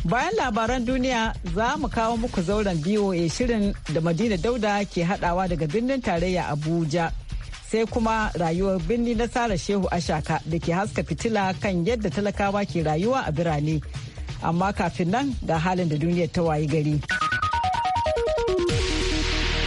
Bayan labaran duniya za mu kawo muku zauren BOA shirin da Madina Dauda ke hadawa daga birnin tarayya Abuja. Sai kuma rayuwar birni na Sara Shehu Ashaka da ke haska fitila kan yadda talakawa ke rayuwa a birane. Amma kafin nan ga halin da duniya ta wayi gari.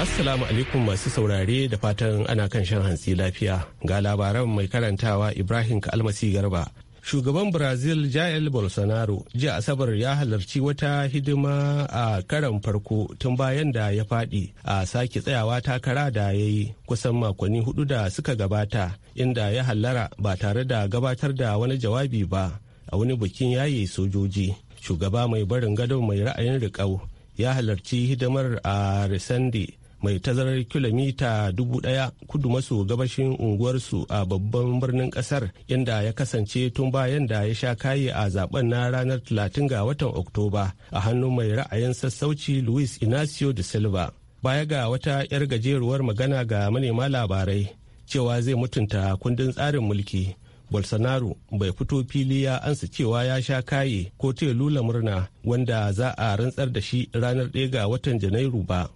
Assalamu alaikum masu saurare da fatan ana kan shan hantsi lafiya. Ga labaran mai karantawa Ibrahim Kalmasi Garba. shugaban brazil jael bolsonaro jiya asabar ya halarci wata hidima a karan farko tun bayan da ya fadi a sake tsayawa takara da ya yi kusan makonni hudu da suka gabata inda ya hallara ba tare da gabatar da wani jawabi ba a wani bikin yaye sojoji shugaba mai barin gado mai ra'ayin riƙau ya halarci hidimar a resende. mai tazarar kilomita dubu ɗaya kudu maso gabashin unguwarsu a babban birnin ƙasar inda ya kasance tun bayan da ya sha kayi a zaben na ranar 30 ga watan oktoba a hannun mai ra'ayin sassauci luis inacio da silva baya ga wata 'yar gajeruwar magana ga manema labarai cewa zai mutunta kundin tsarin mulki bolsonaro bai fito fili ya ansa cewa ya sha kaye ko taya lula murna wanda za a rantsar da shi ranar ɗaya ga watan janairu ba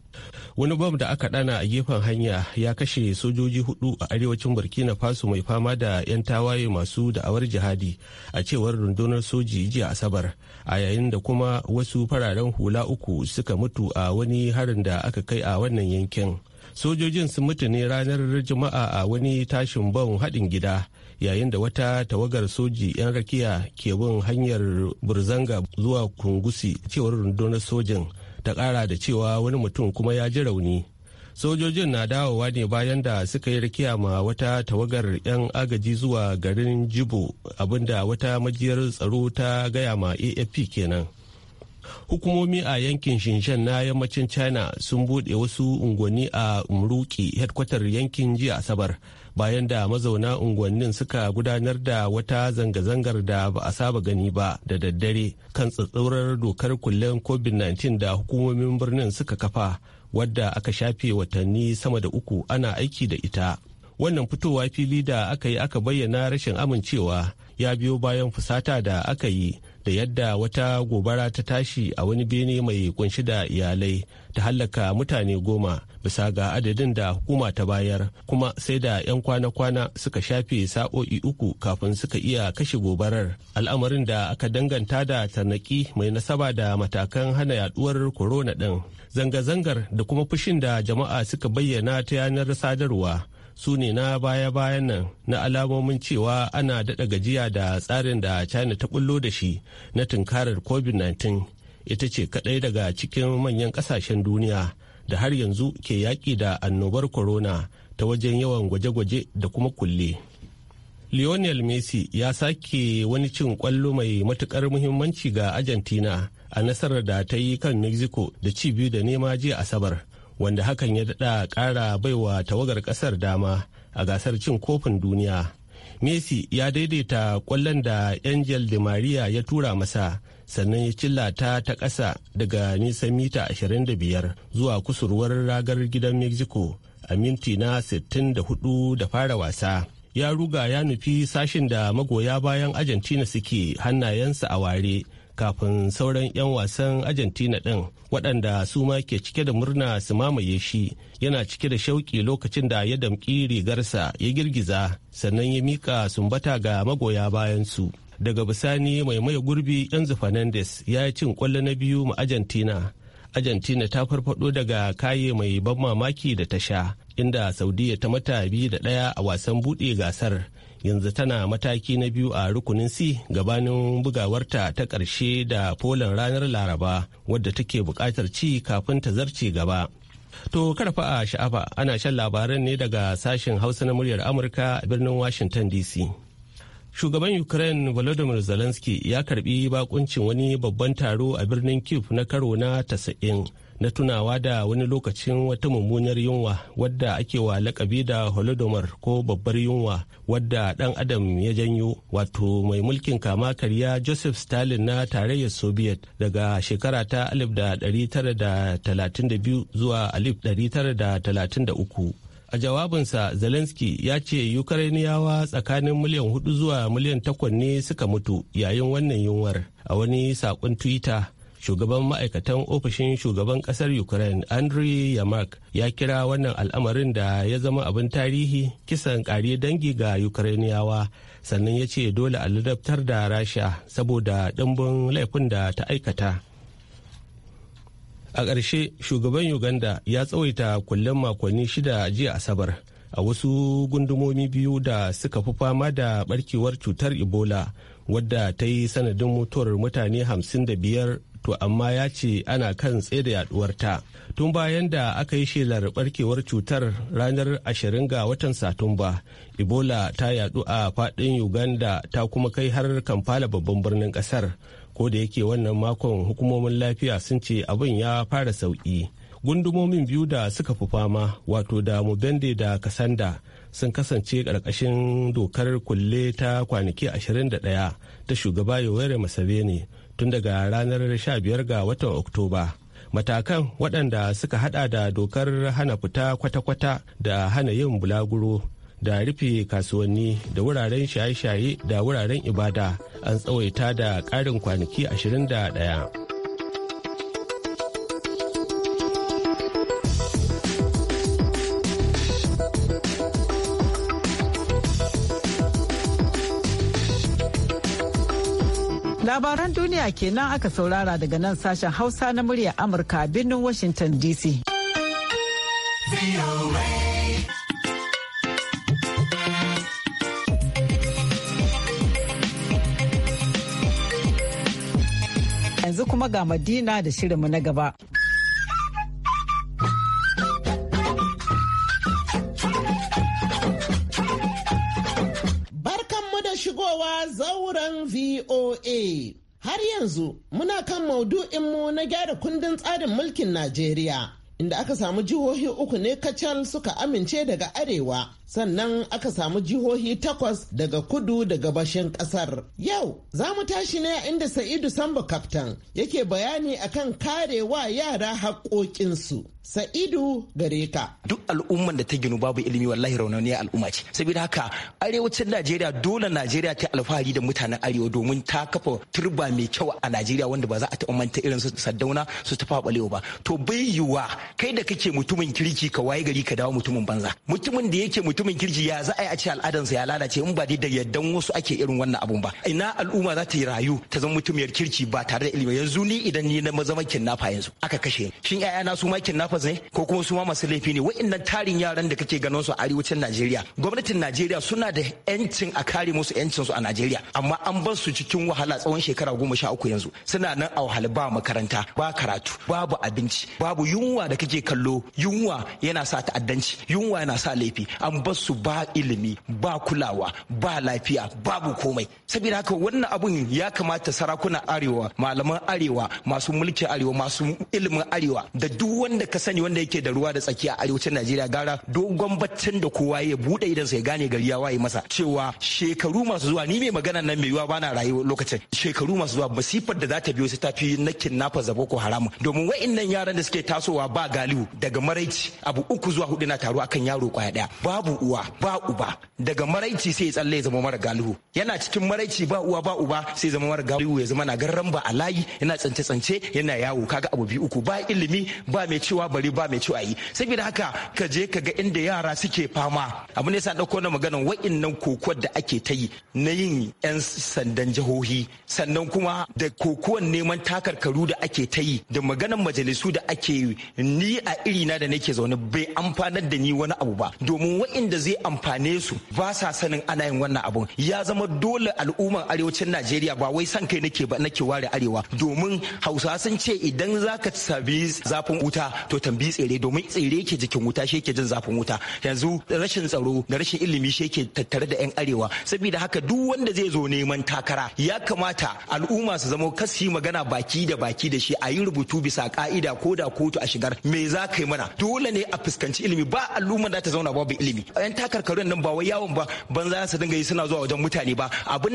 wani bom da aka ɗana a gefen hanya ya kashe sojoji hudu a arewacin burkina faso mai fama da 'yan tawaye masu da'awar jihadi a cewar rundunar soji jiya asabar a yayin da kuma wasu fararen hula uku suka mutu a wani harin da aka kai a wannan yankin sojojin sun mutu ne ranar juma'a a wani tashin ban haɗin gida yayin da wata tawagar soji 'yan rakiya ke bin hanyar burzanga zuwa kungusi cewar rundunar sojin ta ƙara da cewa wani mutum kuma ya ji rauni sojojin na dawowa ne bayan da suka yi rakiya ma wata tawagar 'yan agaji zuwa garin jibo abinda wata majiyar tsaro ta gaya ma afp kenan hukumomi a yankin shinshan na yammacin china sun bude wasu unguwanni a muruki hedkwatar yankin jiya asabar bayan da mazauna unguwannin suka gudanar da wata zanga-zangar da ba a saba gani ba da daddare kan tsatsaurar dokar kullen covid-19 da hukumomin birnin suka kafa wadda aka shafe watanni sama da uku ana aiki da ita wannan fitowa fili da aka yi aka bayyana rashin amincewa ya biyo bayan fusata da aka yi da yadda wata gobara ta tashi a wani bene mai kunshi da iyalai ta hallaka mutane goma bisa ga adadin da hukuma ta bayar kuma sai da 'yan kwana-kwana suka shafe sa'o'i uku kafin suka iya kashe gobarar al'amarin da aka danganta da tarnaki mai nasaba da matakan hana yaduwar corona din zanga-zangar da kuma fushin da jama'a suka bayyana ta yanar sadarwa su ne na baya-bayan nan na alamomin cewa ana daɗa gajiya da tsarin da china ta bullo da shi na tunkarar covid-19 ita ce kaɗai daga cikin manyan ƙasashen duniya da har yanzu ke yaƙi da annobar corona ta wajen yawan gwaje-gwaje da kuma kulle. lionel messi ya sake wani cin kwallo mai matukar muhimmanci ga argentina a nasarar da ta yi kan mexico da ci biyu da nema jiya asabar wanda hakan ya daɗa ƙara baiwa tawagar ƙasar dama a gasar cin kofin duniya. Messi ya daidaita ƙwallon da Angel de Maria ya tura masa sannan ya cilla ta ta ƙasa daga nisan mita 25 zuwa kusurwar ragar gidan Mexico a minti na 64 da fara wasa. Ya ruga ya nufi sashin da magoya bayan Argentina suke hannayensa a ware. kafin sauran 'yan wasan argentina ɗin waɗanda su ma ke cike da murna su mamaye shi yana cike da shauki lokacin da ya damƙi rigarsa ya girgiza sannan ya miƙa sumbata ga magoya bayansu daga bisani mai maye gurbi yanzu fernandes ya yi cin kwallo na biyu ma argentina argentina ta farfado daga kaye mai ban mamaki da ta sha inda saudiya ta mata biyu da ɗaya a wasan buɗe gasar yanzu tana mataki na biyu a rukunin C gabanin bugawarta ta ƙarshe da Poland ranar Laraba wadda take buƙatar ci kafin ta zarce gaba. To karfa a sha'afa ana shan labaran ne daga sashen Hausa na muryar Amurka a birnin Washington DC. shugaban ukraine volodymyr zelensky ya karbi bakuncin wani babban taro a birnin kiev na karo na 90 na tunawa da wani lokacin wata mummunar yunwa wadda ake wa lakabi da holodomor ko babbar yunwa wadda dan adam ya janyo wato mai mulkin kama karya joseph stalin na tarayyar soviet daga shekara ta 1932 zuwa 1933 a jawabinsa zelensky ya ce ukrainiyawa tsakanin miliyan hudu zuwa miliyan takwas ne suka mutu yayin wannan yunwar a wani sakon twitter shugaban ma'aikatan ofishin shugaban kasar ukraine andriy yamak ya kira wannan al'amarin da ya zama abin tarihi kisan kare dangi ga ukrainiyawa sannan ya ce dole a ladabtar da rasha saboda ɗimbin laifin da ta aikata a ƙarshe shugaban uganda ya tsawaita kullum makonni shida jiya asabar a wasu gundumomi biyu da suka fi fama da barkewar cutar ebola wadda ta yi sanadin mutuwar mutane 55 to amma ya ce ana kan tsaida yaduwarta tun bayan da aka yi shelar barkewar cutar ranar 20 ga watan satumba ebola ta yadu a fadin uganda ta kuma kai har kamfala babban birnin kasar ko da yake wannan makon hukumomin lafiya sun ce abin ya fara sauƙi gundumomin biyu da suka fi fama wato da mubende da kasanda sun kasance ƙarƙashin dokar kulle ta kwanaki 21 ta shugaba yoweri museveni tun daga ranar 15 ga watan oktoba matakan waɗanda suka hada da dokar hana fita kwata-kwata da hana yin bulaguro da rufe kasuwanni da wuraren shaye-shaye da wuraren ibada an tsawaita da ƙarin kwanaki 21. Labaran duniya kenan aka saurara daga nan sashen Hausa na murya Amurka birnin Washington DC. yanzu kuma ga Madina da shirinmu na gaba. Barkanmu da shigowa zauren VOA. Har yanzu muna kan maudu'inmu na gyara kundin tsarin mulkin Najeriya. Inda aka samu jihohi uku ne kacal suka amince daga arewa sannan aka samu jihohi takwas daga kudu da gabashin kasar. Yau za mu tashi ne inda Sa'idu Samba kaftan yake bayani akan karewa yara haƙoƙinsu. Sa'idu gare ka. Duk al'umman da ta ginu babu ilimi wallahi raunaniya al'umma ce. Saboda haka arewacin Najeriya dole Najeriya ta alfahari da mutanen arewa domin ta kafa turba mai kyau a Najeriya wanda ba za a taɓa manta irin su Saddauna su tafa balewa ba. To bai yiwa kai da kake mutumin kirki ka waye gari ka dawo mutumin banza. Mutumin da yake mutumin kirji ya za a yi a ce al'adansa ya lalace in ba dai da yaddan wasu ake irin wannan abun ba ina al'umma za ta yi rayu ta zama mutumiyar kirki ba tare da ilimi yanzu ni idan ni na zama kinnafa yanzu aka kashe ni shin ƴaƴana su ma kinnafas ne ko kuma su ma masu laifi ne wa'annan tarin yaran da kake ganin su a arewacin Najeriya gwamnatin Najeriya suna da yancin a kare musu yancin su a Najeriya amma an bar su cikin wahala tsawon shekara goma sha uku yanzu suna nan a wahala ba makaranta ba karatu babu abinci babu yunwa da kake kallo yunwa yana sa ta'addanci yunwa yana sa laifi an basu ba ilimi ba kulawa ba lafiya babu komai saboda haka wannan abun ya kamata sarakuna arewa malaman arewa masu mulkin arewa masu ilimin arewa da duk wanda ka sani wanda yake da ruwa da tsaki a arewacin najeriya gara dogon baccin da kowa ya bude su ya gane gari ya waye masa cewa shekaru masu zuwa ni mai magana nan mai yiwa bana rayuwa lokacin shekaru masu zuwa masifar da za ta biyo sai ta fi na kidnapper zabo boko haram domin wa'annan yaran da suke tasowa ba galihu daga maraici abu uku zuwa hudu na taruwa akan yaro kwaya daya babu uwa ba uba daga maraici sai tsalle ya zama mara galihu yana cikin maraici ba uwa ba uba sai zama mara galihu ya zama na garan ba a layi yana tsance tsance yana yawo kaga abu biyu uku ba ilimi ba mai cewa bari ba mai cewa yi saboda haka ka je ka ga inda yara suke fama abu ne sa dauko na maganan wa'innan kokuwar da ake ta yi na yin yan sandan jihohi sannan kuma da kokuwar neman takarkaru da ake ta yi da maganan majalisu da ake yi ni a iri na da nake zaune bai amfanar da ni wani abu ba domin abin da zai amfane su ba sa sanin ana yin wannan abun ya zama dole al'ummar arewacin najeriya ba wai san kai nake ba nake ware arewa domin hausa sun ce idan zaka sabi zafin wuta to tambi tsere domin tsere ke jikin wuta shi ke jin zafin wuta yanzu rashin tsaro da rashin ilimi shi ke tattare da yan arewa saboda haka duk wanda zai zo neman takara ya kamata al'umma su zama kasi magana baki da baki da shi a yi rubutu bisa ka'ida ko da kotu a shigar me za ka yi mana dole ne a fuskanci ilimi ba al'umma za ta zauna babu ilimi yan takarkarun nan ba wai yawon ba ban za su dinga yi suna zuwa wajen mutane ba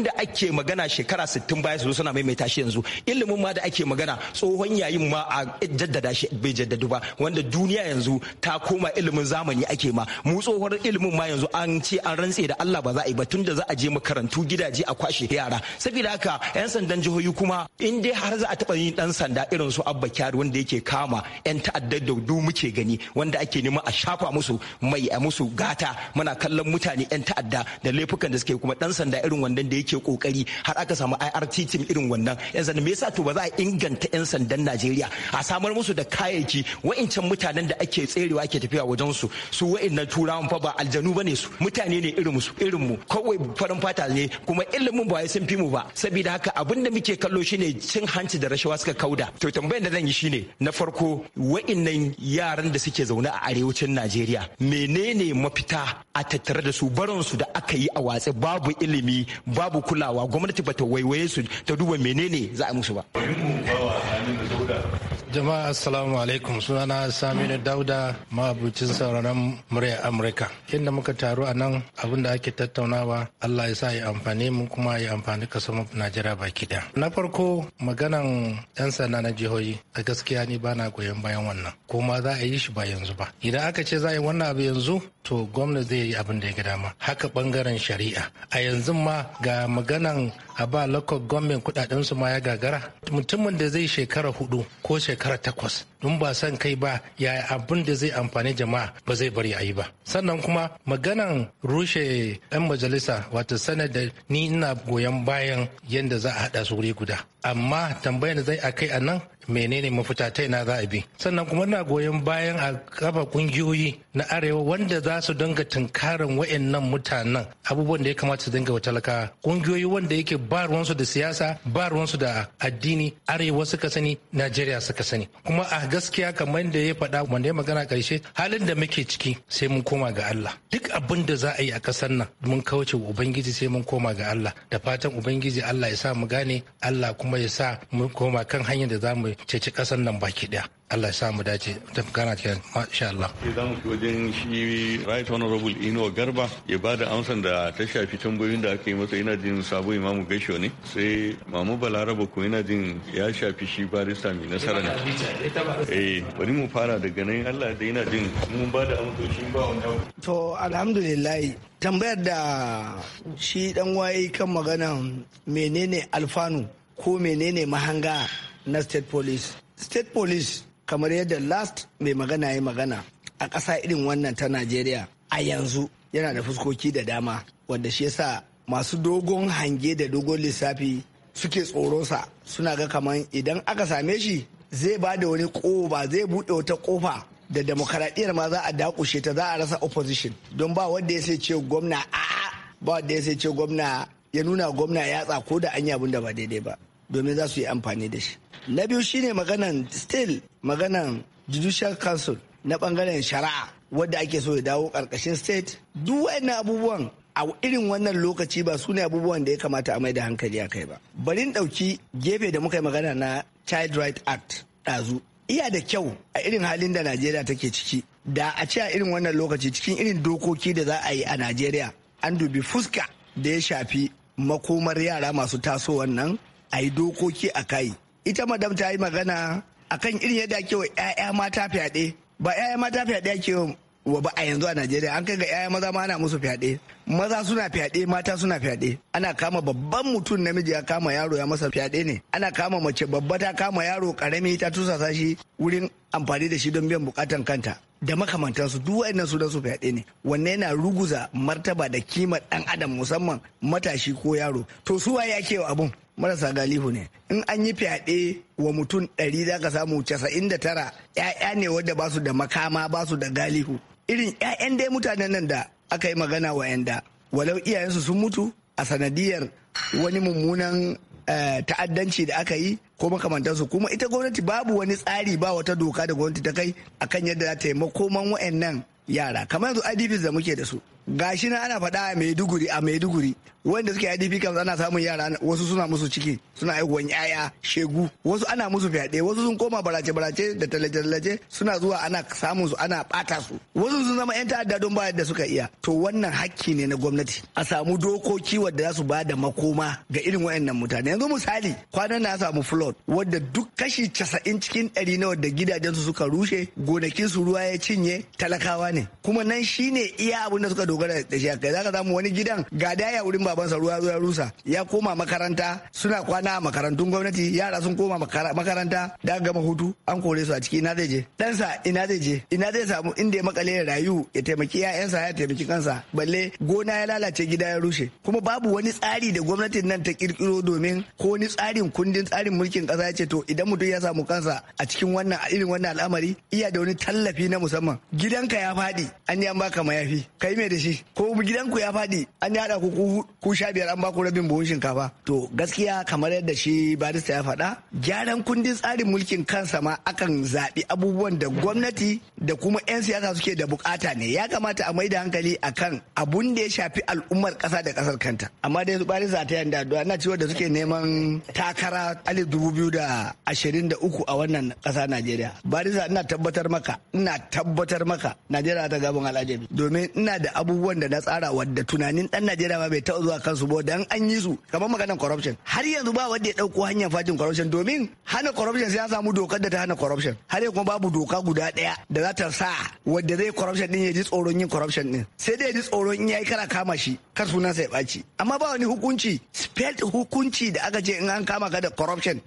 da ake magana shekara 60 baya su zo suna maimaita shi yanzu ilimin ma da ake magana tsohon yayin ma a jaddada shi bai jaddadu ba wanda duniya yanzu ta koma ilimin zamani ake ma mu tsohon ilimin ma yanzu an ce an rantse da Allah ba za a yi ba da za a je makarantu gidaje a kwashe yara saboda haka yan sandan jihohi kuma in dai har za a taba yin dan sanda irin su Abba Kyari wanda yake kama yan ta'addar da muke gani wanda ake nema a shafa musu mai a musu gata muna kallon mutane 'yan ta'adda da laifukan da suke kuma dan sanda irin wannan da yake kokari har aka samu IRT team irin wannan 'yan sanda me yasa to ba za a inganta 'yan sandan Najeriya a samar musu da kayayyaki wa'incan mutanen da ake tserewa ake tafiya wajen su su wa'innan turawan fa ba aljanu bane su mutane ne irin su irin mu kawai farin fata ne kuma ilimin ba sun fi mu ba saboda haka abin da muke kallo shine cin hanci da rashawa suka kauda to tambayar da zan yi shine na farko wa'innan yaran da suke zaune a arewacin Najeriya menene mafita cuta a tattare da su baronsu da aka yi a watsi babu ilimi babu kulawa gwamnati ba ta waiwaye su ta duba menene za a musu ba. Jama'a assalamu alaikum sunana Saminu Dauda mabucin sauraron murya Amurka. Inda muka taru a nan abin da ake tattaunawa Allah ya sa ya amfani mu kuma ya amfani kasar mu Najeriya baki da. Na farko maganan 'yan sanda na jihohi a gaskiya ni bana goyon bayan wannan ko ma za a yi shi ba yanzu ba. Idan aka ce za a yi wannan abu yanzu to gwamna zai yi abin da ya ga dama. Haka bangaren shari'a. A yanzu ma ga maganan a ba local government kudaden su ma ya gagara mutumin da zai shekara hudu ko shekara takwas dun ba san kai ba ya abin da zai amfani jama'a ba zai bari a yi ba sannan kuma maganan rushe 'yan majalisa wato sanar da ni ina goyon bayan yadda za a hada su wuri guda amma tambayar da zai a kai a nan menene mafita ta ina za a bi sannan kuma na goyon bayan a kafa kungiyoyi na arewa wanda za su dinga tunkarin wayannan mutanen abubuwan da ya kamata su dinga talakawa kungiyoyi wanda yake ba ruwansu da siyasa ba ruwansu da addini arewa suka sani najeriya suka sani kuma a gaskiya kamar da ya faɗa wanda ya magana ƙarshe halin da muke ciki sai mun koma ga Allah duk abin da za a yi a ƙasar nan mun kauce wa ubangiji sai mun koma ga Allah da fatan ubangiji Allah ya sa mu gane Allah kuma ya sa mun koma kan hanyar da za mu ceci ƙasar nan baki ɗaya Allah ya sa mu dace da gana cikin masha Allah. Za mu wajen shi Right Honorable Ino Garba ya ba da amsan da ta shafi tambayoyin da aka yi masa ina jin sabo imamu gaisho ne sai mamu balaraba ko ina jin ya shafi shi barista mai nasara ne. eh bari mu fara daga nan Allah da yana jin mun ba da amsoshi ba wannan to alhamdulillah tambayar da shi dan waye kan magana menene alfanu ko menene mahanga na state police state police kamar yadda last mai magana ya magana a ƙasa irin wannan ta najeriya a yanzu yana da fuskoki da dama wanda shi yasa masu dogon hange da dogon lissafi suke tsoronsa suna ga kamar idan aka same shi zai ba da wani koba zai buɗe wata kofa da demokaradiyyar ma za a dakushe ta za a rasa opposition don ba wanda ya sai ce gwamna a ba wanda ya sai ce gwamna ya nuna gwamna ya tsako da an yi ba daidai ba domin za su yi amfani da shi na biyu shine maganan still maganan judicial council na bangaren shari'a wadda ake so ya dawo karkashin state duk wayannan abubuwan a irin wannan lokaci ba su ne abubuwan da ya kamata a mai da hankali a kai ba barin ɗauki gefe da muka yi magana na child right act ɗazu iya da kyau a irin halin da najeriya take ciki da a ce a irin wannan lokaci cikin irin dokoki da za a yi a najeriya an dubi fuska da ya shafi makomar yara masu tasowar nan a yi dokoki a kai ita madam ta yi magana akan irin yadda ake wa 'ya'ya mata fyaɗe ba 'ya'ya mata fyaɗe ake yi. wa ba a yanzu a Najeriya an kai ga 'ya'ya maza ma ana musu fyaɗe maza suna fyaɗe mata suna fyaɗe ana kama babban mutum namiji ya kama yaro ya masa fyaɗe ne ana kama mace babba ta kama yaro karami ta tusasa shi wurin amfani da shi don biyan bukatan kanta da makamantansu duk wa'annan su su fyaɗe ne wanne yana ruguza martaba da kimar ɗan adam musamman matashi ko yaro to su waye ake abun marasa galihu ne in an yi fyaɗe wa mutum ɗari za ka samu casa'in da tara ‘ya'ya ne wadda ba su da makama ba su da galihu irin 'ya'yan dai mutanen nan da aka yi magana yanda walau iyayensu sun mutu a sanadiyar wani mummunan eh, ta'addanci da aka yi ko makamantarsu kuma ita gwamnati babu wani tsari ba wata doka da gwamnati ta kai akan yadda za ta yi makoman wa'annan yara kamar yanzu idps da muke da su gashi na ana faɗa a maiduguri a maiduguri wanda suke idp camps ana samun yara wasu suna musu ciki suna haihuwan yaya shegu wasu ana musu fyaɗe wasu sun koma barace barace da talace suna zuwa ana samun su ana bata su wasu sun zama yan ta'adda don ba da suka iya to wannan hakki ne na gwamnati a samu dokoki wadda za su ba da makoma ga irin wayannan mutane yanzu misali kwanan na samu flood wadda duk kashi casa'in cikin ɗari na wadda gidajensu suka rushe gonakin su ruwa ya cinye talakawa ne kuma nan shine iya abin da suka dogara da shi kai zaka samu wani gidan ga daya wurin babansa ruwa ruwa rusa ya koma makaranta suna kwana a makarantun gwamnati yara sun koma makaranta da gama hutu an kore su a ciki ina zai je ɗansa ina zai je ina zai samu inda ya makale ya rayu ya taimaki 'ya'yansa ya taimaki kansa balle gona ya lalace gida ya rushe kuma babu wani tsari da gwamnatin nan ta kirkiro domin ko ni tsarin kundin tsarin mulkin kasa ya ce to idan mutum ya samu kansa a cikin wannan irin wannan al'amari iya da wani tallafi na musamman gidanka ya faɗi an yi an baka mayafi kai mai da shi ko gidanku ya faɗi an yada ku ku sha biyar an baku rabin buhun shinkafa to gaskiya kamar yadda shi barista ya faɗa gyaran kundin tsarin mulkin kansa ma akan zaɓi abubuwan da gwamnati da kuma 'yan siyasa suke da bukata ne ya kamata a maida hankali akan abun da ya shafi al'ummar ƙasa da ƙasar kanta amma dai barista ta yanda addu'a na cewa da suke neman takara alif dubu biyu da ashirin da uku a wannan ƙasa najeriya barista ina tabbatar maka ina tabbatar maka najeriya ta gabon al'ajabi domin ina da abu abubuwan da na tsara wadda tunanin dan Najeriya ba bai taɓa zuwa kansu ba dan an yi su kamar maganar corruption har yanzu ba wanda ya dauko hanyar fajin corruption domin hana corruption sai ya samu dokar da ta hana corruption har kuma babu doka guda daya da za ta sa wanda zai corruption din ya ji tsoron yin corruption din sai dai ya ji tsoron in yayi kara kama shi kar sunan sa ya ɓaci amma ba wani hukunci spelt hukunci da aka ce in an kama ka da corruption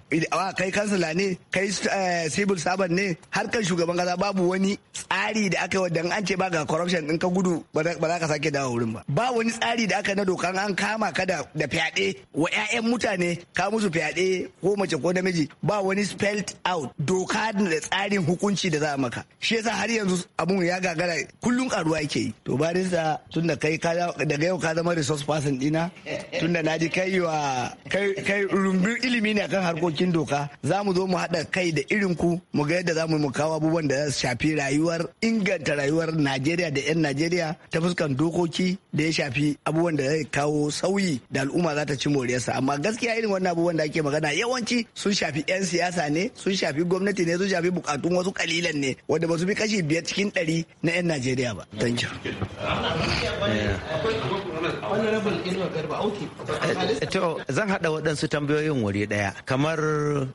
kai kansila ne kai eh, civil servant ne har kan shugaban kasa babu wani tsari da aka yi wadda an ce ba ga corruption din ka gudu ba za za ka sake dawo wurin ba ba wani tsari da aka na dokan an kama ka da fyaɗe wa ƴaƴan mutane ka musu fyaɗe ko mace ko namiji ba wani spelled out doka da tsarin hukunci da za a maka shi yasa har yanzu abun ya gagara kullum karuwa yake yi to barista tunda kai daga yau ka zama resource person dina tunda na ji kai wa kai rumbin ilimi ne akan harkokin doka za mu zo mu haɗa kai da irin ku mu ga yadda za mu kawo abubuwan da za su shafi rayuwar inganta rayuwar Najeriya da 'yan Najeriya ta fuska. kan dokoki da ya shafi abubuwan da zai kawo sauyi da al'umma za ta ci moriyarsa amma gaskiya irin wannan abubuwan da ake magana yawanci sun shafi 'yan siyasa ne sun shafi gwamnati ne sun shafi bukatun wasu kalilan ne wanda ba su bi kashi biyar cikin ɗari na 'yan najeriya ba. to zan hada waɗansu tambayoyin wuri ɗaya kamar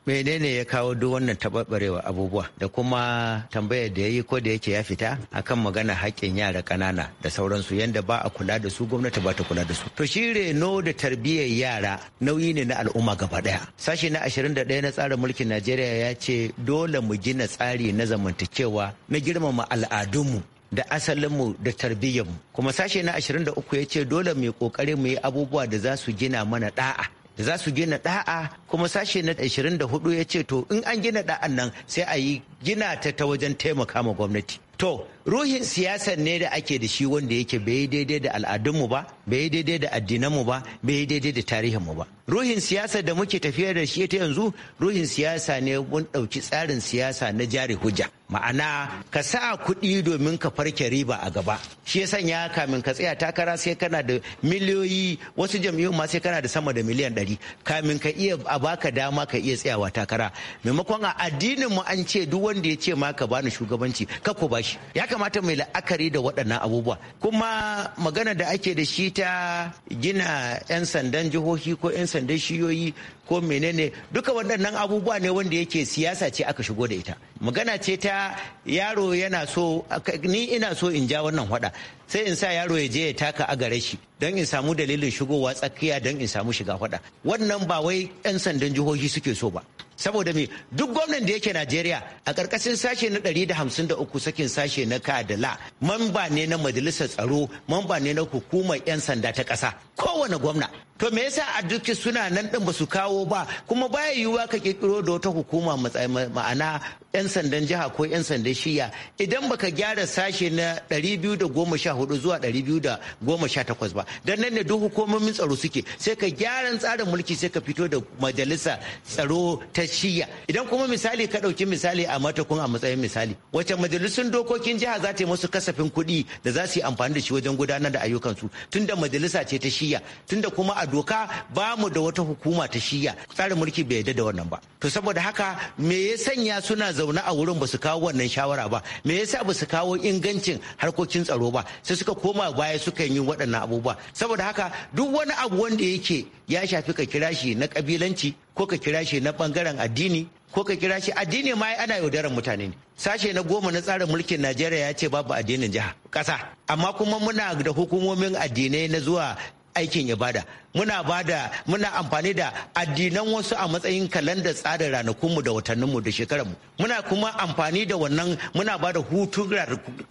menene ya kawo duk wannan taɓarɓarewa abubuwa da kuma tambayar da ya yi ko da yake ya fita akan magana haƙƙin yara ƙanana da sauransu yadda ba a kula da su gwamnati ba ta kula da su to shi reno da tarbiyyar yara nauyi ne na al'umma gaba ɗaya sashi na ɗaya na tsarin mulkin najeriya ya ce dole mu gina tsari na zamantakewa na girmama al'adunmu da asalinmu da tarbiyyarmu kuma sashe na 23 ya ce dole mai kokari mu yi abubuwa da za su gina mana da'a da za su gina da'a kuma sashe na 24 ya ce to in an gina da'an nan sai a yi gina ta ta wajen taimaka ma gwamnati To, ruhin siyasar ne da ake da shi wanda yake bai daidai da al'adunmu ba, bai daidai da addinanmu ba, bai daidai da tarihinmu ba. Ruhin siyasar da muke tafiya da shi ta yanzu, ruhin siyasa ne mun ɗauki tsarin siyasa na jari hujja. Ma'ana, ka sa kuɗi domin ka farke riba a gaba. Shi ya sanya kamin ka tsaya takara sai kana da miliyoyi, wasu jam'iyyun ma sai kana da sama da miliyan ɗari. Kamin ka iya a baka dama ka iya tsayawa takara. Maimakon a addininmu an ce duk wanda ya ce ma ka bani shugabanci, ka ko ba bashi ya kamata mai la'akari da waɗannan abubuwa kuma magana da ake da shi ta gina 'yan sandan jihohi ko 'yan sandan shiyoyi ko menene duka waɗannan abubuwa ne wanda yake siyasa ce aka shigo da ita magana ce ta yaro yana so ni ina so in ja wannan hada sai in sa yaro ya je ya taka a gare shi don in samu dalilin shigowa tsakiya don in samu shiga faɗa wannan ba wai 'yan sandan jihohi suke so ba saboda me duk gwamnan da yake najeriya a karkashin sashe na da da hamsin uku sakin sashe na kadala mamba ne na majalisar tsaro mamba ne na hukumar 'yan sanda ta ƙasa kowane gwamna to me yasa a duki suna nan din ba su kawo ba kuma baya yiwuwa ka kirkiro da wata hukuma ma'ana yan sandan jiha ko yan sandan shiya idan baka gyara sashe na 214 zuwa 218 ba dan nan ne duk hukumomin tsaro suke sai ka gyara tsarin mulki sai ka fito da majalisa tsaro ta shiya idan kuma misali ka dauki misali a matakun a matsayin misali wacce majalisun dokokin jiha za ta yi musu kasafin kuɗi da za su yi amfani da shi wajen gudanar da ayyukan su tunda majalisa ce ta shiya tunda kuma a doka ba mu da wata hukuma ta shiya tsarin mulki bai yarda da wannan ba to saboda haka me ya sanya suna zaune a wurin ba su kawo wannan shawara ba me yasa ba su kawo ingancin harkokin tsaro ba sai suka koma baya suka yi waɗannan abubuwa saboda haka duk wani abu wanda yake ya shafi ka kira shi na kabilanci ko ka kira shi na bangaren addini ko ka kira shi addini ma ana yaudarar mutane ne sashe na goma na tsarin mulkin najeriya ya ce babu addinin jiha ƙasa amma kuma muna da hukumomin addinai na zuwa aikin ibada muna bada muna amfani da addinan wasu a matsayin kalandar tsarin ranakunmu da watanninmu da shekararmu muna kuma amfani da wannan muna bada hutu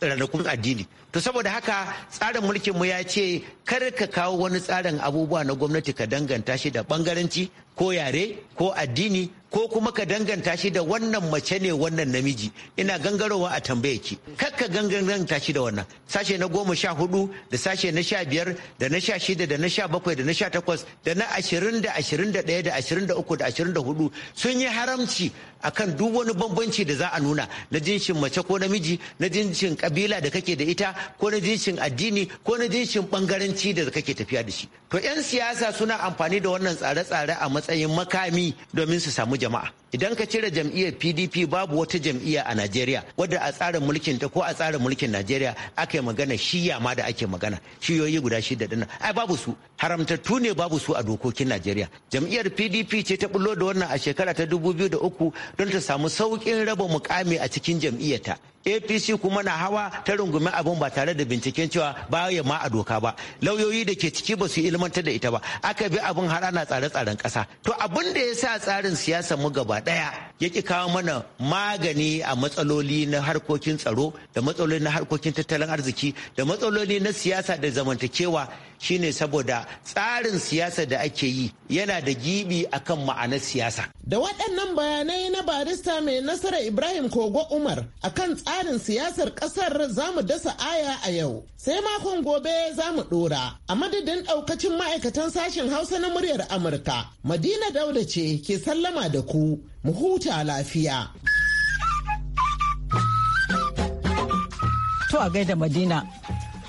ranakun addini to saboda haka tsarin mulkinmu ya ce kar ka kawo wani tsarin abubuwa na gwamnati ka danganta shi da bangaranci ko yare ko addini ko kuma ka danganta shi da wannan mace ne wannan namiji ina gangarowa a tambaye ki kakka danganta shi da wannan sashe na goma sha hudu da sashe na sha biyar da na sha shida da na sha bakwai da na sha takwas da na ashirin da ashirin da ɗaya da ashirin da uku da ashirin da hudu sun yi haramci akan duk wani bambanci da za a nuna na jinshin mace ko namiji na jinshin kabila da kake da ita ko na jinshin addini ko na jinshin bangaranci da kake tafiya da shi to 'yan siyasa suna amfani da wannan tsare-tsare a matsayin makami domin su samu jama'a idan ka cire jam'iyyar pdp babu wata jam'iyya a najeriya wadda a tsarin mulkin ta ko a tsarin mulkin najeriya aka yi magana shiya ma da ake magana shiyoyi guda shida dinnan ai babu su haramtattu ne babu su a dokokin najeriya jam'iyyar pdp ce ta bullo da wannan a shekara ta dubu da uku don ta samu sauƙin raba mukami a cikin ta. apc kuma na hawa ta rungumi abin ba tare da binciken cewa baya ma a doka ba lauyoyi da ke ciki ba su ilmantar da ita ba aka bi abin har ana tsare-tsaren kasa to abin da ya sa tsarin siyasa mu gaba ya ki kawo mana magani a matsaloli na harkokin tsaro da matsaloli na harkokin tattalin arziki da matsaloli na siyasa da zamantakewa shine saboda tsarin siyasa da ake yi yana da gibi akan ma'anar siyasa. Da waɗannan bayanai na barista mai nasara Ibrahim Kogo Umar akan tsarin siyasar ƙasar za mu dasa aya a yau. Sai makon gobe za mu ɗora a madadin ɗaukacin ma'aikatan sashen Hausa na muryar Amurka. Madina Dauda ce ke sallama da ku, mu huta lafiya. To a gaida Madina.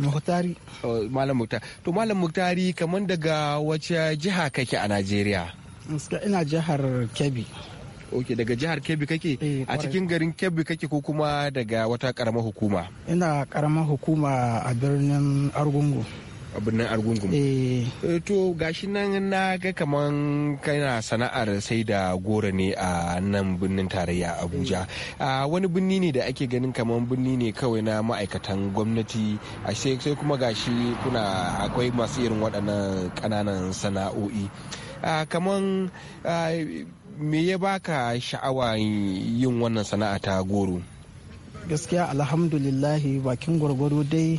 muhtari oh, malam muhtari to malam muhtari kamar daga wace jiha kake a najeriya ina jihar kebbi ok daga jihar kebbi kake eh, a cikin garin kebbi kake ko kuma daga wata karamar hukuma ina karamar hukuma a birnin argungu a birnin argungun eh. Eh, to gashi nan na ga kaman kana sana'ar sai da goro ne a nan birnin tarayya abuja mm. a ah, wani birni ne da ake ganin kaman birni ne kawai na ma'aikatan gwamnati a sai kuma gashi kuna akwai masu irin waɗannan ƙananan sana'o'i ah, kaman ah, me ya baka sha'awa yin wannan sana'a ta goro gaskiya alhamdulillahi bakin gwargwaro dai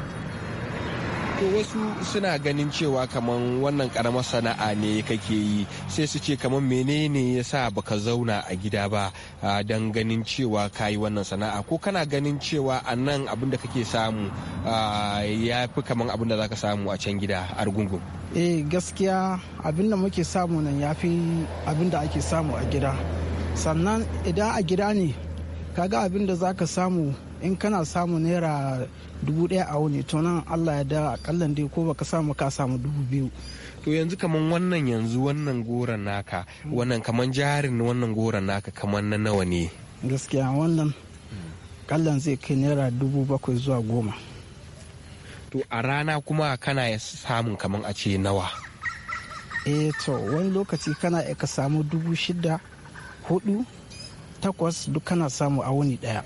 to wasu suna ganin cewa kaman wannan karamar sana'a ne kake yi sai su ce kaman menene ya sa baka zauna a gida ba don ganin cewa ka yi wannan sana'a ko kana ganin cewa a nan abin kake samu ya fi kaman abin da zaka samu a can gida a rugungun eh gaskiya abin da muke samu nan ya fi abin ake samu a gida sannan idan a gida ne kaga abin da zaka samu in kana samu naira dubu daya a wuni to nan allah ya da kallan dai ko baka samu ka samu dubu biyu to yanzu kaman wannan yanzu wannan goran naka wannan kaman jarin wannan goran naka kaman na nawa ne gaskiya wannan kallon zai kai naira dubu bakwai zuwa goma to a rana kuma kana samun kaman a ce nawa eh to wani lokaci kana ya ka samu dubu shida hudu takwas duk kana samu a wuni daya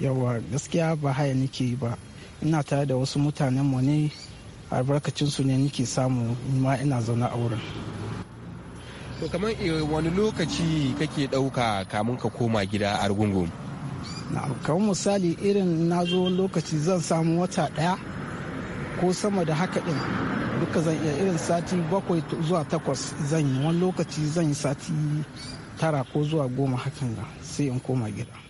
yawa gaskiya ba haya nike yi ba ina tare da wasu mutanen mu ne su ne nike samu ma ina zaune a wurin to kamar eh, wani lokaci kake ɗauka kamun ka koma gida a kamar misali irin na zo lokaci zan samu wata ɗaya ko sama da haka ɗin duka zan iya irin sati bakwai zuwa takwas zan yi wani lokaci zan yi sati tara ko zuwa goma hakan sai in koma gida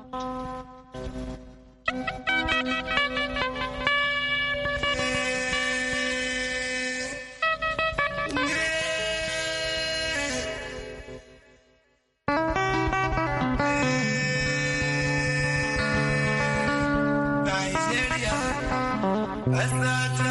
not.